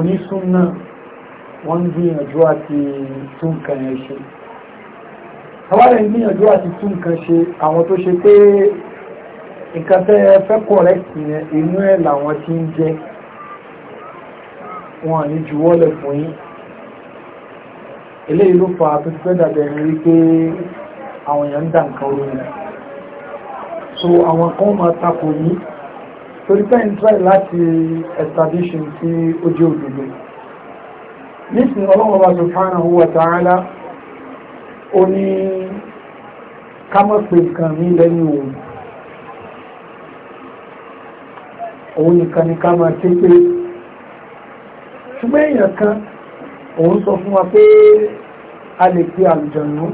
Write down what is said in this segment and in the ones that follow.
onísúnná wọ́n ń gbìyànjú àti túnkan ẹ̀ ṣe àwárẹ̀ ń gbìyànjú àti túnkan ṣe àwọn tó ṣe pé nǹkan tẹ́ ẹ fẹ́ kọ̀rẹ́kì yẹn inú ẹ̀ làwọn ti ń jẹ́ wọn ní juwọ́lẹ̀ fún yín eléyìí ló fa tó ti fẹ́ dàbẹ̀ ẹ̀rin rí pé àwọn èèyàn ń dà nǹkan orí yẹn so àwọn kan máa takò yín torí pé ń try láti establish tí ó jẹ́ òdodo nísìnyí ọlọ́run ọba subhanahu wa ta'ala ó ní ká mọ̀ pé nǹkan mi lẹ́yìn òun òun nìkan ni ká máa ké pé ṣùgbọ́n èèyàn kan òun sọ fún wa pé a lè pe àlùjọ̀nù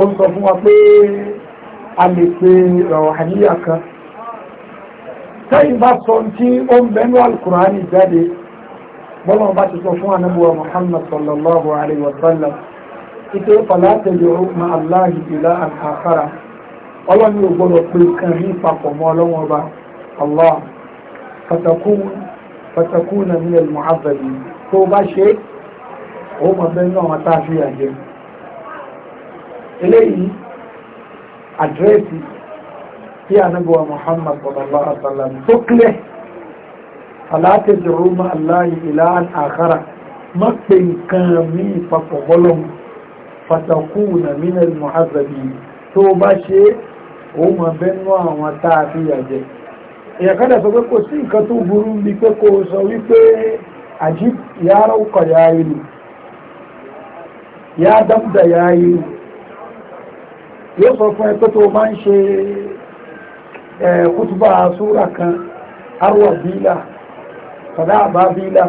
ó sọ fún wa pé a lè pe rọ̀hàníyà kan tẹ́yìn bá sọ tí ó ń bẹnu alkùnrání jáde bọ́lọ̀ bá ti sọ fún anábúwa muhammad sallallahu alaihi wasallam ike falatẹ̀lẹ̀ ọmọ aláhi ilá àkàkàrà ọlọ́ni ò gbọ́dọ̀ pé kan ní papọ̀ mọ́ ọlọ́wọ́n bá allah fatakuna min almu'abbadi tó bá ṣe ó mọ̀ bẹ́ẹ̀ náà tá a fi yà eléyìí àdírẹ́sì tí ànábì wa Muhammad sallallahu alaihi wasallam tó kílẹ̀ aláàtẹ̀ jọrọ mọ́ aláyé ilá àkàrà má pè nǹkan mí papọ̀ bọ́lọ́m fatakú na mínà muhazabi tó bá ṣe ó mọ̀ bẹ́nu àwọn tá a fi yàjẹ́ èèyàn kádà sọ pé kò sí nǹkan tó burú bí pé kò sọ wípé àjíb yàrá ó kọ̀ yá ìlú yá dámdà yá ìlú yóò sọ fún ẹ pé tó bá ń ṣe kútùbà súra kan arwa bílà sọ̀dá àbá bílà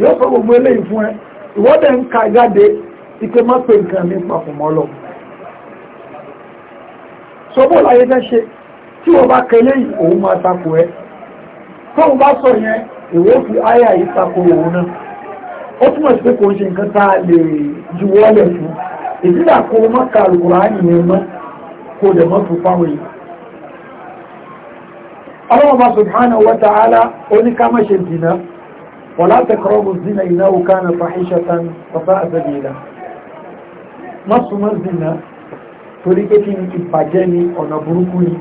yóò sọ gbogbo eléyìí fún ẹ ìwọ́dẹ̀ ń ka jáde ike má pé nǹkan mi papọ̀ mọ́ lọ sọ́bọ̀ láyé fẹ́ ṣe tí wọ́n bá kẹlé yìí òun máa takò ẹ́ tó ń bá sọ yẹn ìwé fi àyà yìí takò òun náà ó túmọ̀ sí pé kò ń ṣe nǹkan tá a lè juwọ́lẹ̀ fún ìdílà kó má ka Al-Kùránì yẹn mọ́ kó dẹ̀ mọ́ tó fáwọn èèyàn Allah subhanahu wa ta'ala oníkàmà ṣe dìna wa la taqrabu zina innahu kana fahishatan wa sa'a sabila mọ́sùmọ́ zina torí pé kí ìbàjẹ́ ni ọ̀nà burúkú ni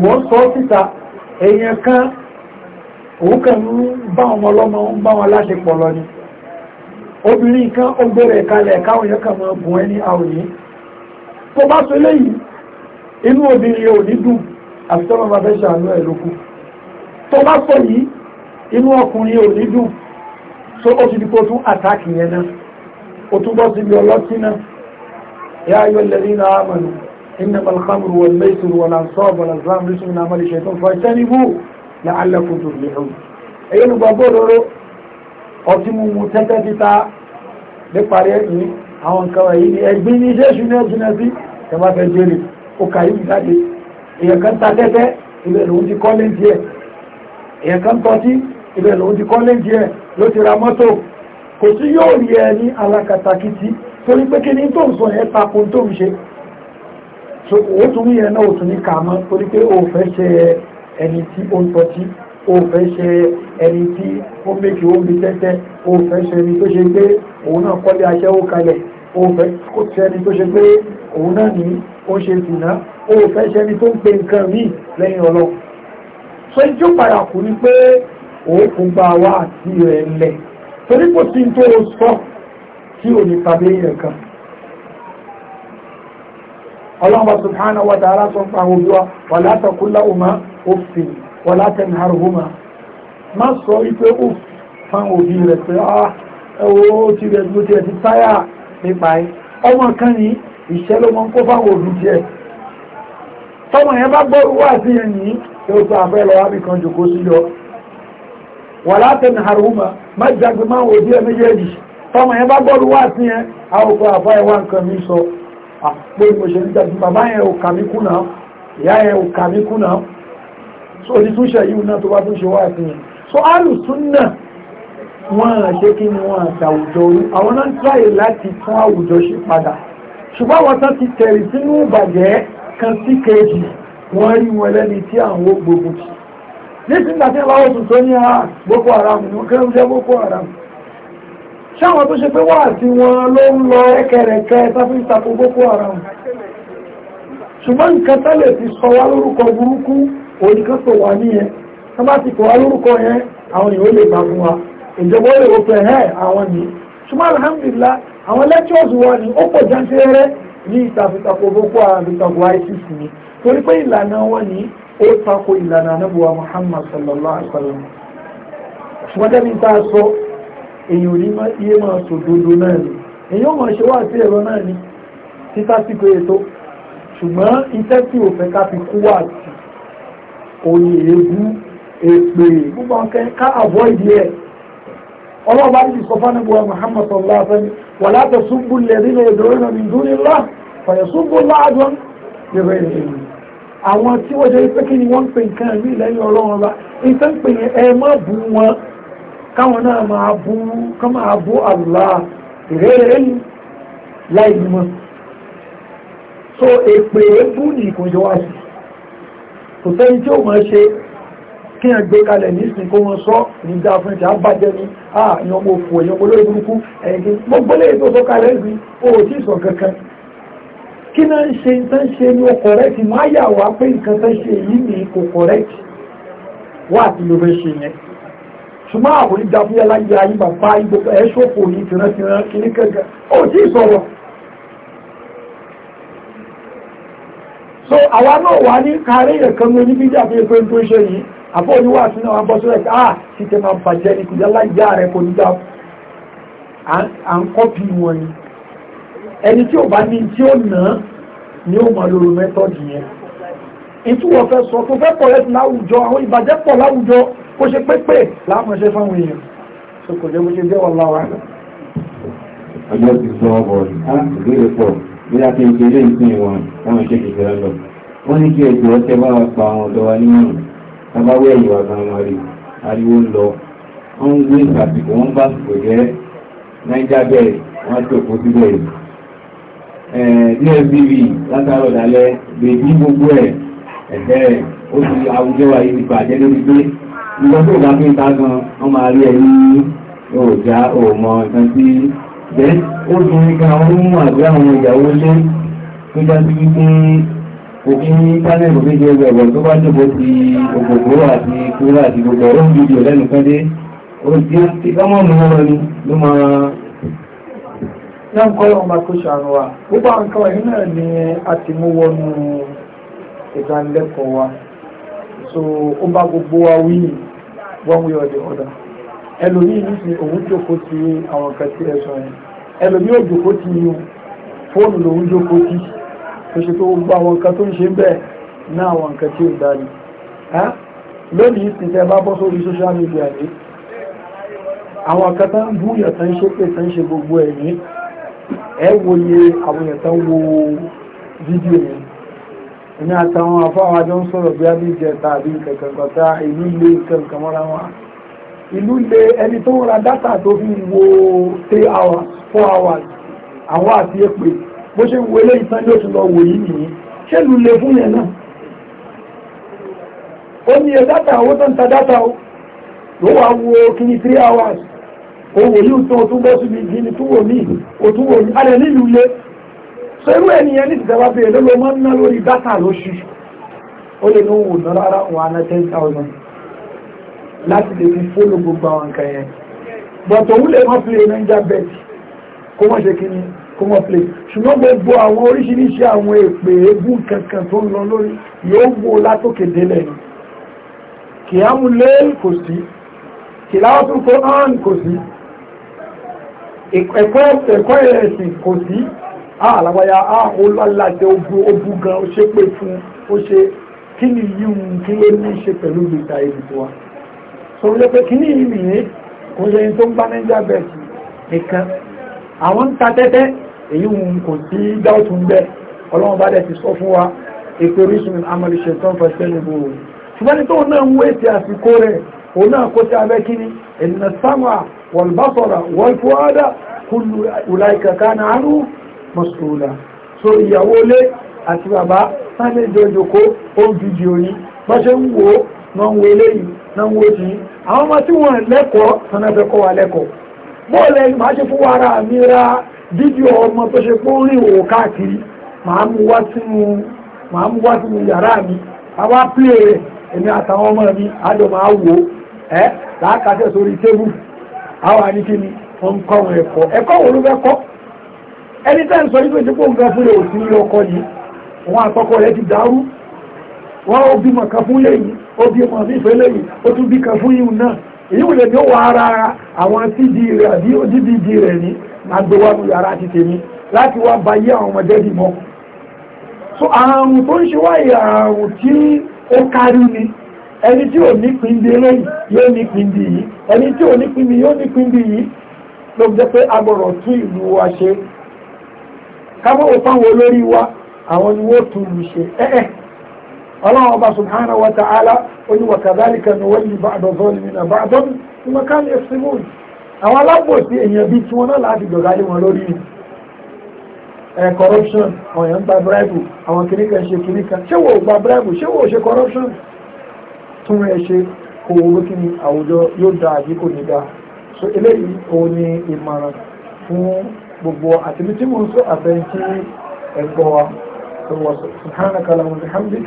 ìwọ́n sọ síta èèyàn kan òun kan ń bá ọmọ ọlọ́mọ ń bá wọn láṣepọ̀ lọ ni obìnrin kan ó gbèrè kalẹ̀ káwọn èèyàn kan máa bùn ẹni àwòyé tó bá so léyìí inú obìnrin ò ní dùn àti tọ́lọ́ bá fẹ́ ṣàánú ẹ̀ lókù tó bá sọ yìí inú ọkùnrin ò ní dùn so ó ti di kó tún àtàkì yẹn náà ó tún bọ́ síbi ọlọ́tí náà yá ayọ́ lẹ́rí náà àmàlù إنما الخمر والميسر والأنصاب والأزلام رجل من عمل الشيطان فاجتنبوه لعلكم تفلحون èyí ni gbogbo òróró ọtí mímu tẹ́tẹ́ títa níparí ẹ̀yìn àwọn nǹkan wọ̀nyí ni ẹgbẹ́ ní iṣẹ́ ìṣúná ìṣúná sí ẹ̀bá èèyàn kan ta tẹ́tẹ́ ibẹ̀ lòun ti kọ́ lẹ́ǹtì ẹ̀ èèyàn kan tọ́tí ibẹ̀ lòun ti kọ́ lẹ́ǹtì ẹ̀ ló ti ra mọ́tò kò sí yóò rí ẹ ní alákatakítí torí pé kí ni tó ń sọ yẹn takun tó ń ṣe ó tún yẹn náà ó tún ní kà mọ́ torí pé ó fẹ́ ṣe ẹni tí ó ń tọ́tí ó fẹ́ ṣe ẹni tí ó méjì ó mi tẹ́tẹ́ ó fẹ́ ṣe ẹni tó ṣe pé òun náà kọ́lé aṣẹ́wó kalẹ̀ ó fẹ́ ṣe ẹni tó ṣe pé òun náà ní ó ṣe sìnà o fẹ́ ṣẹni tó ń pe nǹkan míì lẹ́yìn ọlọ́ so ijó padà kù ni pé òkun bá wá àti rẹ̀ lẹ̀ torí kò sí tó o sọ tí ò ní tàbí èèyàn kan ọlọ́mọ subhanahu wa ta'ala sọ pa àwọn olúwa wà látàkúlá òmà òfin wà látẹnihàrù òmà má sọ wípé ó fáwọn òbí rẹ̀ pé ah ẹwọ́ ti rẹ̀ ti táyà nípa ẹ ọmọ kan ní ìṣẹ́ ló mọ́ kó fáwọn òbí jẹ́ tọ́mọ̀ yẹn bá gbọ́rù wà sí yẹn yìí tí ó tó àfẹ́ lọ wábì kan jòkó sí yọ wà látẹ̀nì àrùmà má jagbe máa wò díẹ̀ méjèèjì tọ́mọ̀ yẹn bá gbọ́rù wà sí yẹn àwòkọ́ àfá nǹkan mi sọ àpò ìmọ̀ṣẹ́ bàbá yẹn ò kàmí kùnà ìyá yẹn so ní túnṣe yìí náà tó bá so alùsùn náà wọ́n ṣe kí ni wọ́n àtàwùjọ orí àwọn náà ń tráyè láti tún tán ti tẹ̀rì sínú ìbàjẹ́ kan sí kejì wọ́n rí wọn lẹ́ni tí àwọn gbogbo tí nígbà tí láwọ́ tuntun ní a ah, Boko Haram ní kí wọ́n jẹ́ Boko Haram ṣáwọn tó ṣe pé wà sí wọn ló ń lọ ẹkẹrẹkẹ sáfí ìtàkù Boko Haram ṣùgbọ́n nǹkan tẹ́lẹ̀ ti sọ wá lórúkọ burúkú òníkan tó wà ní yẹn tó bá ti pọ̀ wá lórúkọ yẹn àwọn èèyàn lè gbà fún wa ìjọba ó lè wọ́pẹ̀ ẹ̀ àwọn yìí ṣùgbọ́n alhamdulillah àwọn lectures wọn ni ó pọ̀ jáńtẹ́rẹ́ ní ìtàkùtàkù boko haram ìtàkù isis ni torí pé ìlànà wọn ni ó tako ìlànà anábùwà muhammad sallallahu alaihi wa sallam ṣùgbọ́n tẹ́mi tá a sọ èyàn ní iye máa sọ dodo náà ni èyàn máa ṣe wá sí ẹ̀rọ náà ni títà sí pé ètò ṣùgbọ́n iṣẹ́ tí ò fẹ́ ká fi kú wà sí òye èébú èpè gbogbo ọkẹ́ ká avoid yẹn ọlọ́run bá níbi sọfá ní buwa muhammad sallallahu alaihi wasallam wà láti súnbù lẹ́rí ní ìdúró náà ní dúró ńlá fàyẹ̀ súnbù láàjọ ní rẹ̀ ìlú àwọn tí wọ́n jẹ́ pé kí ni wọ́n ń pè nǹkan rí lẹ́yìn ọlọ́run ọba nǹkan ń pè yẹn ẹ má bú wọn káwọn náà máa bú ká máa bú àlùlá ìrẹ́rẹ́ yìí láì ní mọ́ so èpè ebú ni kò yọ wá sí kò sẹ́ni tí ó máa ṣe kí ẹ gbé kalẹ̀ nísìn kó wọn sọ ní dá fún ìjà bàjẹ́ ní ààyàn ọmọ òfò èyàn ọmọ olórí burúkú ẹ̀yìn gbogbo lè tó sọ kalẹ̀ sí o tí sọ kankan kí náà ń ṣe tán ṣe ní o kọ̀rẹ́tì máa yà wá pé nǹkan tán ṣe yìí ní kò kọ̀rẹ́tì àwọn so àwa náà wà ní kárí ẹ̀kan ní oníbíjà fi pé tó ṣe yìí àbọ̀ oníwà tún náà wọ́n bọ́ sọ́rọ̀ ẹ̀ká tí tẹ máa bàjẹ́ ní kùjá láyá rẹ̀ kò ní gbà à ń kọ́pì wọn ni ẹni tí ò bá ní tí ó nà án ni ó mọ̀ lóru mẹ́tọ́dì yẹn ìtúwọ̀ fẹ́ sọ tó fẹ́ pọ̀ lẹ́sìn láwùjọ àwọn ìbàjẹ́ pọ̀ láwùjọ kó ṣe pépè láàmọ̀ṣẹ́ fáwọn èèyàn tó kò jẹ́ bó ṣe jẹ́ wà láwa. ọjọ́ ti sọ ọ̀bọ̀ ìgbéyè pọ̀ bí a ti ń ṣe ilé ìsìn ìwọ̀n táwọn ṣe kìkìrẹ́ lọ wọ́n ní kí ẹ̀jọ̀ ọ̀tẹ́ bá wa pa àwọn ọ̀dọ́ wa nímọ̀ràn tàbáwé ẹ̀yìn wà gan wọn rí ariwo ń lọ wọ́n ń gbé ìsàbìkò wọ́n bá sùpò jẹ́ náíjà bẹ́ẹ̀ wọ́n tó kó síbẹ̀ dstv látàrọ̀ ọ̀dàlẹ̀ bèbí gbogbo ẹ̀ ẹ̀fẹ́ ó ti àwùjọ wa yìí ti bàjẹ́ lórí pé nígbà tó bá fi ń ta gan wọ́n máa rí ẹni òòjà òòmọ̀ nǹkan tí ó ti ní ká wọ́n mú àgbẹ̀ àwọn ìyàwó lé tó já sí wípé òkín panel méjì ẹgbẹ̀ ọ̀gbọ̀n tó bá jùbọ́ ti ògbògbò àti kúrò àti gbogbo ọ̀rọ̀ ń dìdì ọ̀lẹ́nu kan dé ó ti ti kámọ́ mú wọn ni ló máa náà kọ́ ọmọ kó ṣàánú wa gbogbo àwọn nǹkan wọ̀nyí náà ni a ti mú wọnú ìdánilẹ́kọ̀ọ́ wa so ó bá gbogbo wa wí one way or the other ẹlòmíì nísìnyí òun jókòó ti àwọn nǹkan tí ẹ sọ yẹn ẹlòmíì ò jókòó ti fóònù lòun jókòó ti tó ṣe tó gbogbo àwọn nǹkan tó ń ṣe bẹ́ẹ̀ ní àwọn nǹkan tí ó dáni lónìí sì bá bọ́ sórí social media ní àwọn nǹkan tán bú yẹ̀tàn ṣe pé tán ṣe gbogbo ẹ̀ ní ẹ wòye àwọn yẹ̀tàn wo fídíò ní ẹni àtàwọn afáwọn àjọ ń sọ̀rọ̀ bí abíjẹ tàbí kẹ̀kẹ̀kọ̀ta ìlú ilé kẹ̀kẹ̀ wọn ìlú ilé ẹni tó ra dátà tó fi wo 3 hours 4 hours àwọn àti èpè bó ṣe ń wo ilé ìtàn ló ti lọ wò yí nìyí ṣé lù lè fún yẹn náà ó ní ẹ dátà owó tó ń ta dátà ó ló wà wo kíní three hours ó wò yí tó tún bọ́ síbi kíní tó wò mí ó tún wò mí alẹ́ nílùú lé so irú ẹnìyẹn ní ìtẹ̀wá bèèrè ló lọ máa ń ná lórí dátà lóṣù ó lè ní òun ná rárá òun àná ten thousand láti lè fi fóònù gbogbo àwọn nǹkan yẹn bọ̀tò òun lè má fi lè náà ń bẹ́ẹ̀ kó má ṣe kíní kó wọ́n play ṣùgbọ́n gbogbo àwọn oríṣiríṣi àwọn èpè eégún kankan tó ń lọ lórí yóò wo látòkè délẹ̀ ni kìámù lé kò sí kìláwọ́tún kó hàn kò sí ẹ̀kọ́ ẹ̀sìn kò sí àlàwáyà àhólálájẹ ogun gan ó ṣe pé fún ó ṣe kí ni yíò kí ló ní ṣe pẹ̀lú gbèta ìdìbò wa sọ̀rọ̀ jẹ́ pé kí ní ìrìn kò ṣe tó ń bá Nigeria bẹ̀rẹ̀ nìkan àwọn ń ta tẹ́tẹ́ èyí ń kò sí dáùtù ń bẹ́ ọlọ́run bá dẹ̀ ti sọ fún wa èpè orísun amọ̀lì ṣetán fẹsẹ̀ níbo ṣùgbọ́n ní tóun náà ń wé ti àsìkò rẹ̀ òun náà kó sí abẹ́ kíní ìnà sáwà wọ̀lbásọ̀rà wọ́lfọ́ádà kúlù ìlàìkàkà náà rú mọ̀sùlùmá so ìyàwó lé àti bàbá sáré jọjọkó ó ń jùjì òní bá ṣe ń wo náà ń wo eléyìí náà ń wo tí àwọn fídíò ọmọ tó ṣe pé ó rìn òwò káàkiri màá mú wá sínú yàrá mi àwa pílé rẹ̀ èmi àtàwọn ọmọ mi àjọ máa wò ẹ ẹ́ làákàtẹ́ sórí tébù àwọn àníkíni wọ́n ń wọn ẹ̀kọ́ ẹ̀kọ́ wo ló fẹ́ kọ́ ẹni tẹ́ ń sọ òsì ọkọ yìí wọn ti bímọ kan fún ó bímọ ó tún bí kan èyí wò lè ní ó wà ara àwọn cd rẹ̀ àbí dvd rẹ̀ ní agbowánu yàrá ti tèmi láti wá ba yé àwọn ọmọdé bí mọ́ so àrùn tó ń ṣe wáyé àrùn tí ó kárí ni ẹni tí ò ní pindi eléyìí yóò ní pindi yìí ẹni tí ò ní pindi yóò ní pindi yìí ló jẹ́ pé a gbọ́dọ̀ tún ìlú wa ṣe kábọ̀ òfáwọn olórí wa àwọn ni wọ́n tún ìlú ṣe ẹ́ẹ̀ الله أبا سبحانه وتعالى وكذلك نولي بعض الظالمين بعضا ثم كان يفصمون àwọn alábòsí èèyàn bíi tí wọn náà láti jọ̀gá lé wọn lórí ẹ corruption àwọn èèyàn ń gba bíráìbù àwọn kìnnì kan ṣe kìnnì kan ṣé wò ó gba bíráìbù ṣé wò ó ṣe corruption tún ẹ ṣe kó owó kí ni àwùjọ da àbí kò ní da so eléyìí òun ni ìmọ̀ràn fún gbogbo àtìmítí mò ń sọ àbẹ̀ntì ẹ̀gbọ́n wa so subhanaka lahumma bihamdik.